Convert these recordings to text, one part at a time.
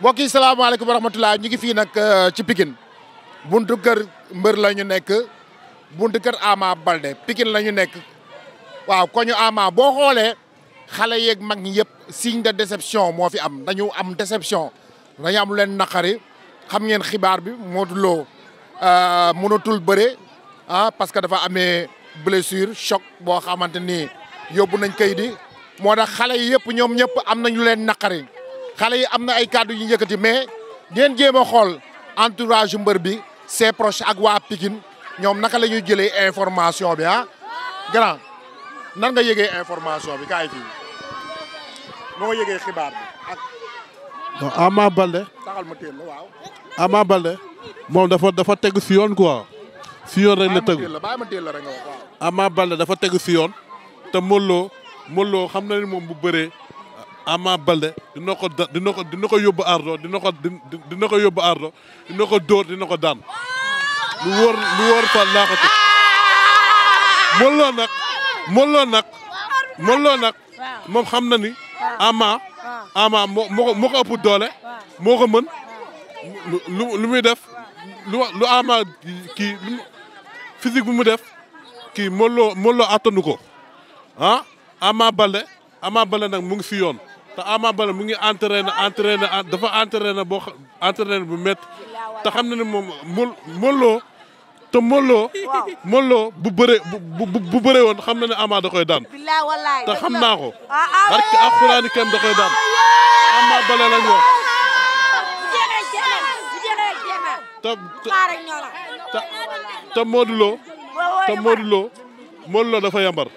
mbokk yi salaamaaleykum wa rahmatulah ñu ngi fii nag euh, ci pikin buntu kër mbër la ñu nekk buntu kër Ama Balde pikin lañu nekk waaw koñu Ama boo xoolee xale yeeg mag ñi yëpp signe de déception moo fi am dañu am déception dañu am leen naqari xam ngeen xibaar bi Modou Lo euh, mënatul bëre ah parce que dafa amee. blessure choc boo xamante ni yóbbu nañ kay di moo tax xale yi yëpp ñoom ñëpp am nañu leen naqari xale yi am na ay kàddu yu njëkkati mais ngeen jéem a xool entourage mbër bi ses proches ak waa Pikine ñoom naka la ñuy jëlee information bi ah grand nan nga yëgee information bi kaay fii noo yëgee xibaar bi ak. non Ama Baldé. taxal ma teel la waaw. Ama Baldé moom dafa dafa tegu si yoon quoi. si yoon rek la tegu Ama Baldé dafa tegu si yoon te Modou Lô xam na ni moom bu bëree Ama Baldé dina ko da dina ko dina ko yóbbu ardo dina ko dina ko yóbbu ardo dina ko dóor dina ko daan lu wóor lu wóor fa laa ko teg Modou Lô nag Modou Lô nag Modou Lô nag moom xam na ni Ama Ama moo ko ëpp doole moo ko mën lu muy def lu lu kii physique bu mu def ki Modou Lo Modou Lo attanu ko ah Ama bale Ama Baldé nag mu ngi si yoon te Ama Baldé mu ngi entraîné entraîné dafa entraîné bo entraîné bu met te xam na ne moom Modou Lo te Modou Lo Modou Lo bu bëree bu bëree woon xam na ne Ama da koy daan te xam naa ko barke alxuraan kenn da koy daan Ama Baldé la ñoo te te te Modou Lo te Modou Lo dafa yambar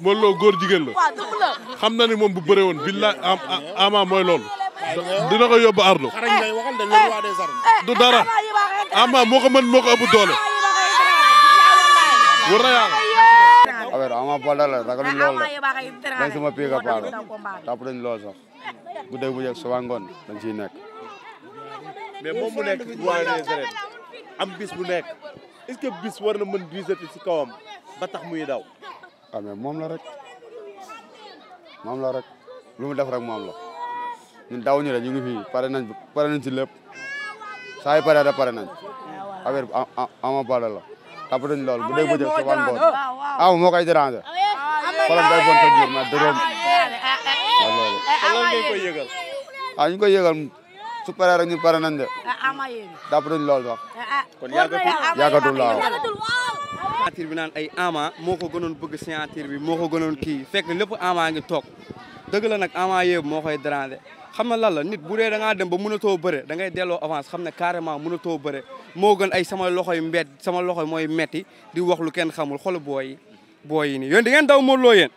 Modou Lo góor jigéen la xam na ni moom bu bëree woon billaay ama mooy loolu dina ko yóbbu ardo eh, eh, du dara ama moo mën moo ko ëpp doole wër na yàlla a ver ama bala la ragaluñ loolu la dañ sama piega paaro tàpp dañ lool mu nekk bis bu nekk est-ce que bis war na mën diisati ci kawam ba tax muy daw. waaw mais moom la rek moom la rek lu mu def rek moom la ñun daw ñu rek ñu ngi fi pare nañ pare nañ ci lépp saa yu pare da pare nañ affaire bi ama bala la tapatuñ loolu bu dee bëjëf sa wan boon ah moo koy déranger xolam day bon sa jur mais dëgg loolu. loolu ngeen koy yëgal. su paree rek ñu pare nañ de. dàpp nañ lool wax. Ah, ah. kon yàggatul yàggatul laaw. signature bi naan ay Ama moo ko gënoon bëgg signature bi moo ko gënoon kii fekk lépp Ama ngi toog dëgg la nag Ama yëpp moo koy dérangé xam na lan la nit bu dee da ngaa dem ba mënatoo bëre da ngay delloo avance xam ne carrément mënatoo bëre moo gën ay sama loxoy mbet sama loxoy mooy metti di wax lu kenn xamul xool booy yi booy yi nii yéen di ngeen daw Modou Lo yéen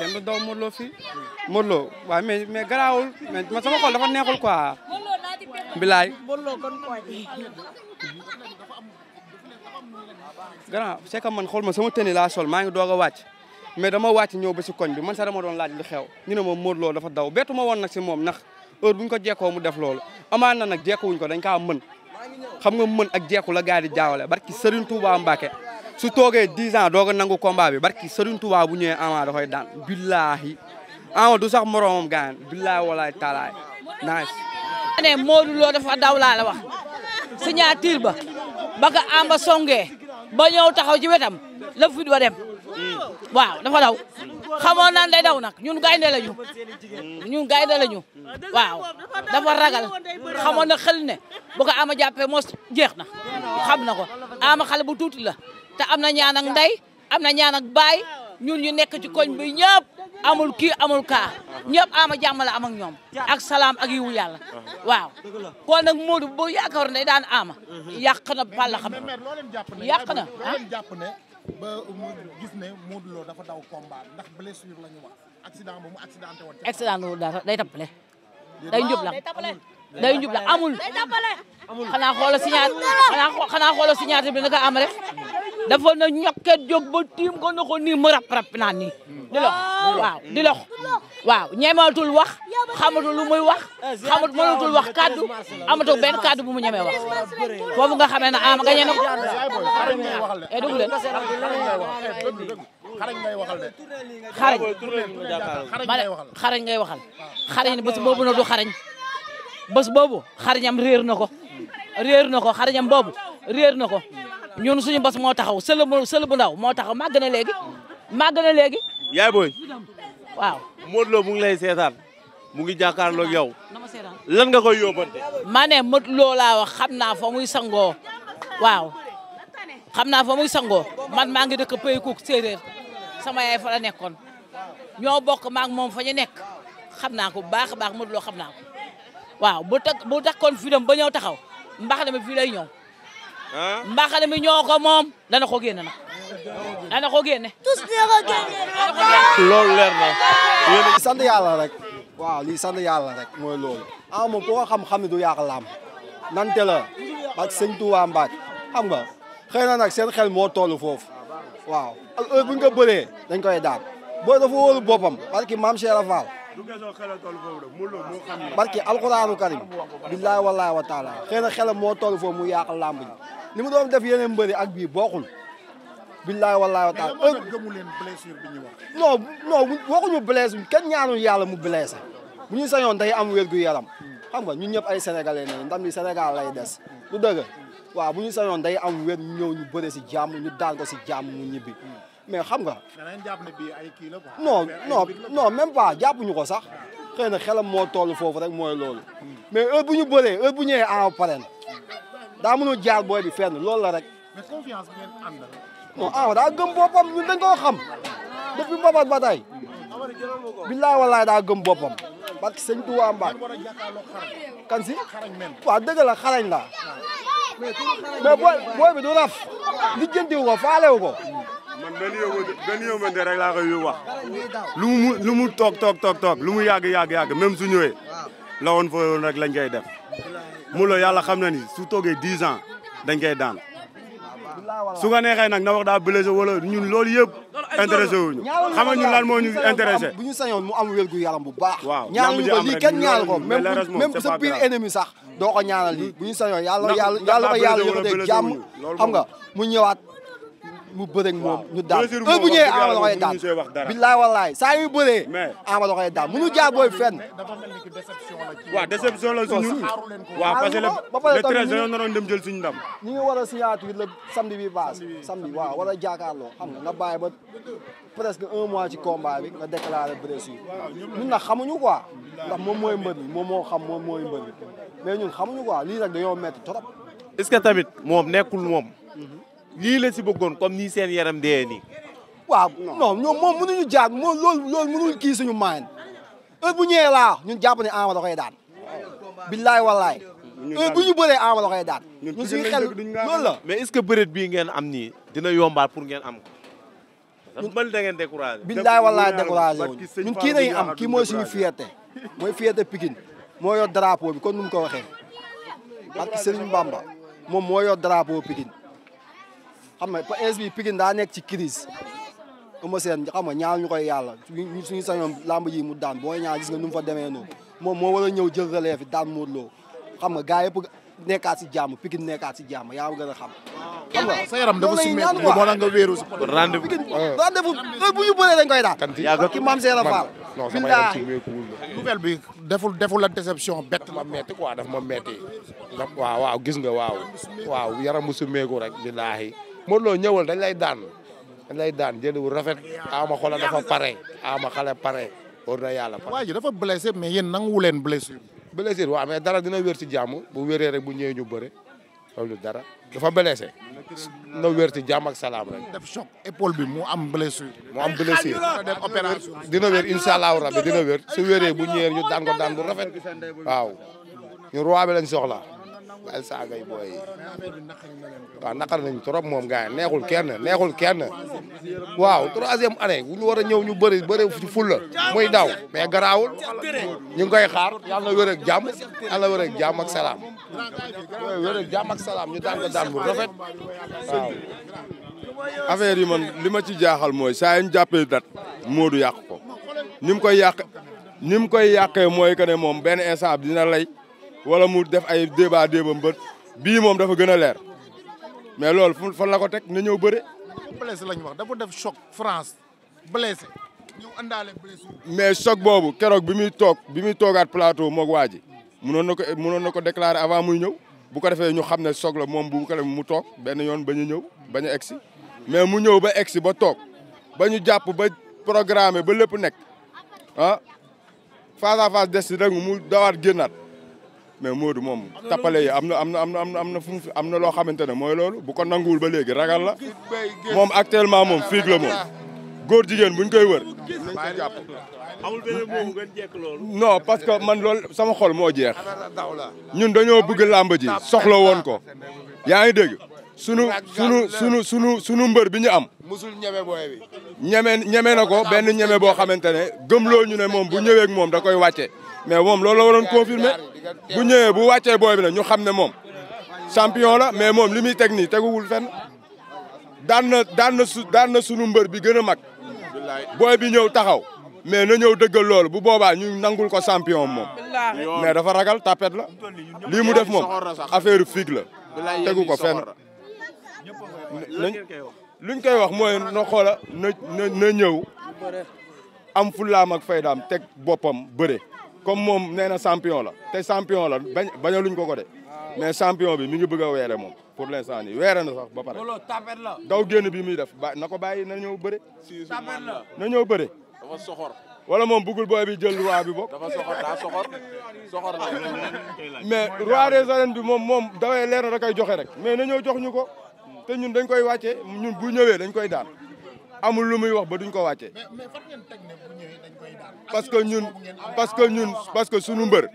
kenn du daw Modou Lo fii Modou Lo mais mais garaawul mais man sama xol dafa neexul quoi. bilaay. grand c'est que man xool ma sama tenue laa sol maa ngi doog a wàcc mais dama wàcc ñëw ba si koñ bi man sax dama doon laaj lu xew ñu ne ma Modou dafa daw bettu ma woon nag si moom ndax heure bu ñu ko jekkoo mu def loolu amaan na nag wuñ ko dañ kaa mën xam nga mën ak jekku la gars yi di jaawale barki Serigne Touba Mbacke su toogee 10 ans doog a nangu combat bi barki Serigne Touba bu ñëwee Ama da koy daan billaahi Ama du sax moromam gaan billaahi walaay taalaay nice. ne Modou Lo dafa daw laa la wax signature ba ba ko Ama songee ba ñëw taxaw ci wetam la fit wa dem waaw dafa daw xamoon naan day daw nag ñun gaynde lañu ñun gaynde lañu waaw dafa ragal xamoon na xel ne bu ko Ama jàppee mos jeex na xam na ko ama xale bu tuuti la te am na ñaan ak ndey am na ñaan ak baay ñun ñu nekk ci koñ bi ñëpp amul kii amul kaa ñëpp ama jàmm la ak ñoom ak salaam ak yiwu yàlla waaw kon nag Modou bu yaakaar ne daan ama yàq na pàlla xam yàq na ah? ba gis ne Modou Lo dafa daw combat ndax blessure la ñu wax accident ba mu accidenté woon accident day tapale day njublam day njub la amul xanaa xoola signature xanaa xoola signature bi naka am rek dafa na ñokket jóg ba tiim ko ko nii mu rap rap naan nii di lox waaw di lox waaw ñemeetul wax xamatul lu muy wax xamat mënatul wax kaddu amatul benn kaddu bu mu ñemee wax foofu nga xamee ne ama ah, gañe na ko e eh, dugg leen xarañ ngay waxal de. xarañ xarañ ngay waxal xarañ bés boobu na du xarañ bés boobu xariñam réer na ko na ko xariñam boobu réer na ko ñun suñu bés moo taxaw sël bu sël bu ndaw moo taxaw màgg na léegi màgg na léegi. yaay booy. waaw Modou Lo mu ngi lay seetaan mu ngi jàkkaarloog yow. lan nga koy yóbbante. ma ne Modou Lo laa wax xam naa fa muy sangoo waaw xam naa fa muy sangoo man maa ngi dëkk Peykouk séeréer sama yaay fa la nekkoon ñoo bokk maak moom fa ñu nekk xam naa ko bu baax a baax Modou Lo xam naa ko. waaw bu tag bu takkoon fii dem ba ñëw taxaw mbaxane mi fii lay ñëw. mi ñoo ko moom dana ko génne nag. dana ko génne. tous dina ko génne. loolu leer na. sant yàlla rek. waaw lii sant yàlla rek mooy loolu. ah moom koo xam-xam ne yaax yàq laam. nante la ak sëñ Touba Mbacke xam nga xëy na nag seen xel moo toll foofu waaw. heure bu ñu ko bëree dañ koy daal boo dafa wóolu boppam parce que maam Cheikh Fall barki alxuraanu karim billaahi wallaahi wa taala xëy na xelam moo toll foofu mu yàq làmb ji li mu doon def yeneen mbëri ak bii bokkul billaahi wallaahi wa taala gëmu leen blessure bi ñu wax non non waxuñu blessure kenn ñaanul yàlla mu blessé bu ñu sañoon day am wér gu yaram xam nga ñun ñëpp ay sénégalais ne ndam li sénégal lay des du dëgg waaw bu ñu sañoon day am wér ñu ñëw ñu bëre si jàmm ñu daan ko si jàmm mu ñibbi mais xam nga. non non non même pas jàppuñu ko sax xëy na xelam moo toll foofu rek mooy lool mais heure bu ñu bëree heure bu ñëwee en parrain daa mënul jaar booy bi fenn loolu la rek. mais confiance bi ngeen àndal. non ah daa gëm boppam ñun dañ koo xam depuis mbabat ba tey billaay wallaay daa gëm boppam. parce que sëñ Touba Mbacke kan la xarañ la mais booy bi du raf lijjantiwu ko faalewu ko. man benn yóbbante benn yóbbante rek laa koy wax lu mu lu mu toog toog toog toog lu mu yàgg yàgg yàgg même su ñëwee la woon fooy woon rek lañ koy def mu la yàlla xam na ni su toogee dix ans dañ koy daan su ko neexee nag na wax daa blessé wala ñun loolu yëpp intéressé wuñu xam nga ñun lan moo ñu intéressé bu ñu sañoon mu am wérgu yaram bu baax waaw ñaanaluñu ko lii kenn ñaanal ko même même sa pire ennemi sax doo lii bu ñu sañoon yàlla yàlla yàlla ko yàlla yëpp de jàmm xam nga mu ñëwaat mu bëreeg moom ñu daan heure bu ñëwee Ama da koy daan billaay wallaay saa yu bëree Ama da la suñu waaw parce que le treize dañoo naroon dem jël suñu ndam ñu ngi war a signature le samedi bi baas samedi waaw war a jaakaarloo xam na nga bàyyi ba presque un mois ci combat bi nga déclaré blessure ñun nag xamuñu quoi ndax moom mooy mbër mi moom moo xam moom mooy mbër mi mais ñun xamuñu quoi lii rek dañoo métti trop est-ce que tamit moom nekkul moom lii la si bëggoon comme nii seen yaram dee nii. waaw non ñoom moom mënuñu jaar moom loolu loolu mënuñu kii suñu moyen heure bu ñëwee laa ñun jàpp ne Ama da koy daan. billaay wallaay. heure ñu bëree Ama da koy daan. ñun suñu xel loolu la. mais est-ce que bëreet bii ngeen am nii dina yombaal pour ngeen am ko. ñun man da ngeen de billaay wallaay découragé wuñu ñun kii nañu am kii mooy suñu fierté mooy fierté pikin moo yor drapeau bi kon nu ko waxee. parce que Serigne Bamba moom moo yor drapeau xam nga PS bi Pikine daa nekk ci crise Eumeu Sène xam nga ñaan ñu koy yàlla suñu sañoon làmb ji mu daan booy ñaar gis nga nu mu demee noonu moom moo war a ñëw jël relève daan Modou Lo xam nga gars yëpp nekkaat si jàmm Pikine nekkaat si jàmm yaa gën a xam. sa yaram dafa sumé nga moo tax nga wéeru si. rendez-vous rendez-vous bu ñu bëree dañ koy daan. yaa ngi ki maam Seera Fall. non sama yaram ci nouvelle bi deful deful la déception nga waaw. waaw yaram bu suméeku rek billaahi Modou loo ñëwal dañ lay daan dañ daan jël bu rafet ama xola dafa pare ama xale pare war na yàlla pare. waa ji dafa blessé mais yéen nanguwu leen blessure. blessure waaw mais dara dina wér ci jàmm bu wéree rek bu ñëwee ñu bëre loolu dara dafa blessé. na wér ci jàmm ak salaam rek. def choc épaule bi mu am blessure. mu am blessure dina def opération. dina wér incha allahu rabbi dina wér su wéree bu ñëwee ñu daan ko daan bu rafet waaw ñu roi bi lañ soxla. al saagay booy waaw naqar nañ trop moom gars yi neexul kenn neexul kenn waaw troisième année bu ñu war a ñëw ñu bëri bëri ci fulla muy daw mais garaawul ñu ngi koy xaar yàlla na wér ak jàmm yàlla wér ak jàmm ak salaam wér ak jàmm ak salaam ñu daan ko daan bu rafet waaw affaire yi man li ma ci jaaxal mooy saa yu ñu jàppee dat Modou yàq ko ni mu koy yàq ni mu koy yàqee mooy que ne moom benn instant dina lay wala mu def ay débat débam ba bii moom dafa gën a leer mais loolu fu fan la ko teg na ñëw bëre. blessé lañ wax dafa def choc France blessé ñëw àndaale blessé mais choc boobu keroog bi muy toog bi muy toogaat plateau moog waa ji mënoon na ko mënoon na ko déclarer avant mu ñëw bu ko defee ñu xam ne choc la moom bu ko defee mu toog benn yoon bañ a ñëw bañ a egsi mais mu ñëw ba egsi ba toog ba ñu jàpp ba programme ba lépp nekk ah face à face des rek mu dawaat génnaat. mais Modou moom tappale yi am na am na am na am na am na fu mu am na loo xamante ne mooy loolu bu ko nanguwul ba léegi ragal la moom actuellement moom fiig la moom góor jigéen buñ koy wër nañ ko jàpp amul benn boobu ngeen jekk loolu non parce que man loolu sama xol moo jeex ñun dañoo bëgg làmb ji soxla woon ko yaa ngi dégg sunu sunu sunu sunu sunu mbër bi ñu am musul ñeme booy bi ñeme ñeme na ko benn ñeme boo xamante ne gëmloo ñu ne moom bu ñëwee ak moom da koy wàcce mais moom loolu waroon confirmer bu ñëwee bu wàccee booy bi na ñu xam ne moom champion la mais moom li muy teg nii teguwul fenn daan daan na su daan na mbër bi gën a mag booy bi ñëw taxaw mais na ñëw dëggal loolu bu boobaa ñu nangul ko champion moom mais dafa ragal tapet la lii mu def moom affaire fiig la tegu ko fenn luñ koy wax mooy na xoola na na ñëw am fullaam ak faydaam teg boppam bëre comme moom nee na champion la te champion la bañ bañaluñ ko ko de mais champion bi mi ngi bëgg a weere moom pour l' instant nii weere na sax ba daw génn bi muy def ba na ko bàyyi na ñëw bëre. na ñëw bëre. dafa wala moom bëggul booy bi jël roi bi bokk. dafa soxor daa soxor soxor la. mais roi des bi moom moom dawee leer na da koy joxe rek mais na ñëw jox ñu ko te ñun dañ koy wàccee ñun bu ñëwee dañ koy daan. amul lu muy wax ba duñ ko wàccee. parce que ñun parce que ñun parce que sunu mbër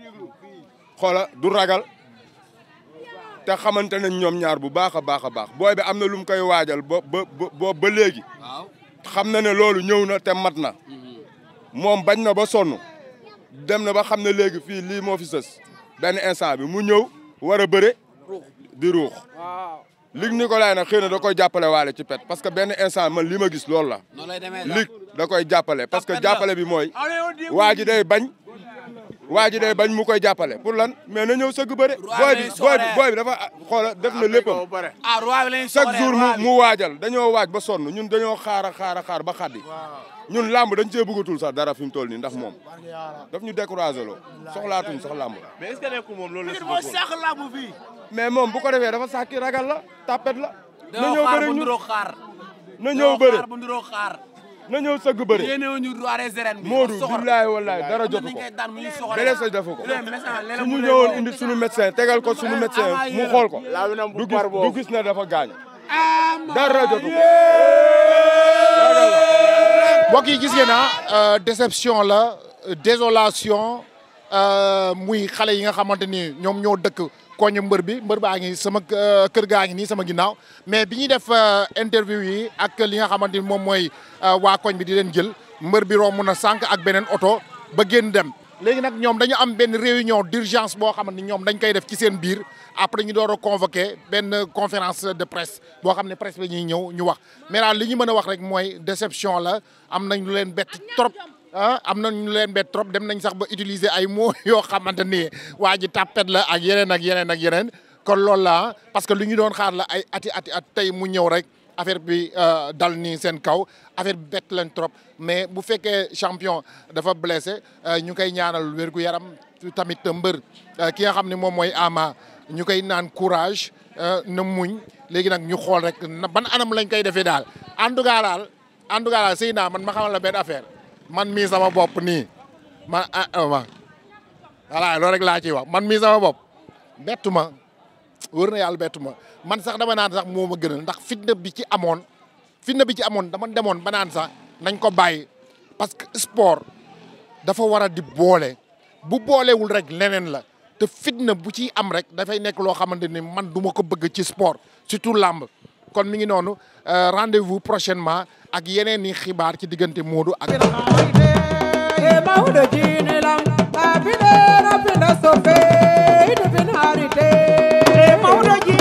du ragal te xamante nañ ñoom ñaar bu baax a baax a baax booy bi am na lu mu koy waajal ba ba ba léegi. xam na ne loolu ñëw na te mat na. Mm-hmm. moom bañ na ba sonn dem na ba xam ne léegi fii lii moo fi sës benn instant bi mu ñëw war a bëre di ruux. Luc Nicolaï nag xëy na da koy jàppale waal ci pet parce que benn instant man li ma gis loolu la. Luc da koy jàppale parce que jàppale bi mooy. waa ji day bañ. waa ji day bañ mu koy jàppale pour lan mais na ñëw sëgg bëre. booy bi booy bi booy bi dafa xoola def na ah, léppam. Ah, chaque jour mu mu waajal dañoo waaj ba sonn ñun dañoo xaar a xaar a xaar ba xaddi. ñun làmb dañ cee bëggatul sax dara fi mu toll nii ndax moom daf ñu découragé loo soxlaatuñ sax làmb. mais est-ce que nekkul moom mais moom bu ko defee dafa sàkki ragal la tapet la. na ñëw bëri ñu na ñëw bëri na ñëw sëgg bëri. Modou billaay wallaay dara jotu ko blessé defu ko su ñu ñëwoon indi suñu médecin tegal ko suñu médecin mu xool ko du gis du gis ne dafa gaañ dara jotu ko. mbokk yi gis ngeen ah euh, déception la euh, désolation euh, muy xale yi nga xamante ni ñoom ñoo dëkk. koñ mbër bi mbër baa ngi sama euh, kër gaa ngi nii sama ginnaaw mais bi ñuy def euh, interview yi ak li nga xamante ni moom mooy euh, waa koñ bi di leen jël mbër bi romb na sànq ak beneen oto ba génn dem. léegi nag ñoom dañu am benn réunion d'urgence boo xam ne ñoom dañ koy def ci seen biir après ñu door a convoqué benn conférence de presse boo xam ne presse bi ñuy ñëw ñu wax mais daal li ñu mën a wax rek mooy déception la am nañ lu leen bett trop. ah am na ñu leen bet trop dem nañ sax ba utiliser ay mots yoo xamante ni waa ji tàppet la ak yeneen ak yeneen ak yeneen kon loolu la parce que lu ñu doon xaar la ay ati ati at tey mu ñëw rek affaire bi euh, dal ni seen kaw affaire bi bett leen trop mais bu fekkee champion dafa blessé euh, ñu koy ñaanal wérgu yaram tamit mbër euh, ki nga xam ni moom mooy Ama ñu koy naan courage na muñ léegi nag ñu xool rek ban anam lañ koy defee daal en tout cas daal en tout cas daal naa man ma xamal la benn affaire. man mii sama bopp nii man ah, ah voilà loolu rek laa ciy wax man mii sama bopp bettu ma wër na yàlla bettu ma man sax dama naan sax moo ma gënal ndax fitna bi ci amoon fitna bi ci amoon dama demoon ba naan sax nañ ko bàyyi parce que sport dafa war a di boole bu boolewul rek leneen la te fitna bu ci am rek dafay nekk loo xamante ni man du ma ko bëgg ci sport surtout làmb kon mi ngi noonu euh, rendez-vous prochainement ak yeneeni xibaar ci diggante Modou ak.